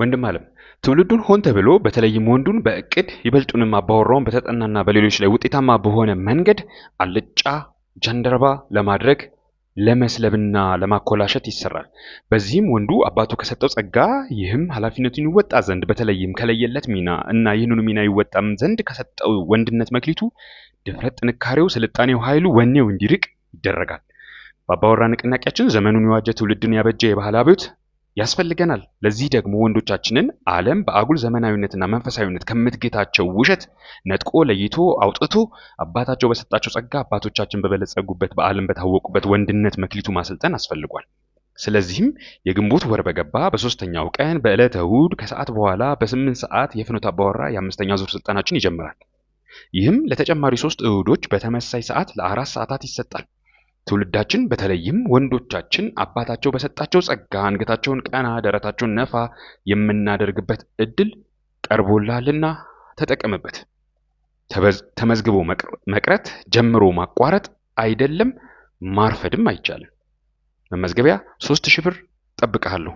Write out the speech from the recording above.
ወንድም አለም ትውልዱን ሆን ተብሎ በተለይም ወንዱን በእቅድ ይበልጡንም አባወራውን በተጠናና በሌሎች ላይ ውጤታማ በሆነ መንገድ አልጫ ጀንደረባ ለማድረግ ለመስለብና ለማኮላሸት ይሰራል። በዚህም ወንዱ አባቱ ከሰጠው ጸጋ ይህም ኃላፊነቱን ይወጣ ዘንድ በተለይም ከለየለት ሚና እና ይህንኑ ሚና ይወጣም ዘንድ ከሰጠው ወንድነት መክሊቱ፣ ድፍረት፣ ጥንካሬው፣ ስልጣኔው፣ ኃይሉ፣ ወኔው እንዲርቅ ይደረጋል። በአባወራ ንቅናቄያችን ዘመኑን የዋጀ ትውልድን ያበጀ የባህል አብዮት ያስፈልገናል። ለዚህ ደግሞ ወንዶቻችንን ዓለም በአጉል ዘመናዊነትና መንፈሳዊነት ከምትጌታቸው ውሸት ነጥቆ ለይቶ አውጥቶ አባታቸው በሰጣቸው ጸጋ አባቶቻችን በበለጸጉበት በዓለም በታወቁበት ወንድነት መክሊቱ ማሰልጠን አስፈልጓል። ስለዚህም የግንቦት ወር በገባ በሶስተኛው ቀን በዕለተ እሁድ ከሰዓት በኋላ በስምንት ሰዓት የፍኖተ አባወራ የአምስተኛ ዙር ስልጠናችን ይጀምራል። ይህም ለተጨማሪ ሶስት እሁዶች በተመሳይ ሰዓት ለአራት ሰዓታት ይሰጣል። ትውልዳችን በተለይም ወንዶቻችን አባታቸው በሰጣቸው ጸጋ አንገታቸውን ቀና ደረታቸውን ነፋ የምናደርግበት እድል ቀርቦላልና ተጠቀምበት። ተመዝግቦ መቅረት፣ ጀምሮ ማቋረጥ አይደለም ማርፈድም አይቻልም። መመዝገቢያ ሶስት ሺህ ብር እጠብቅሃለሁ።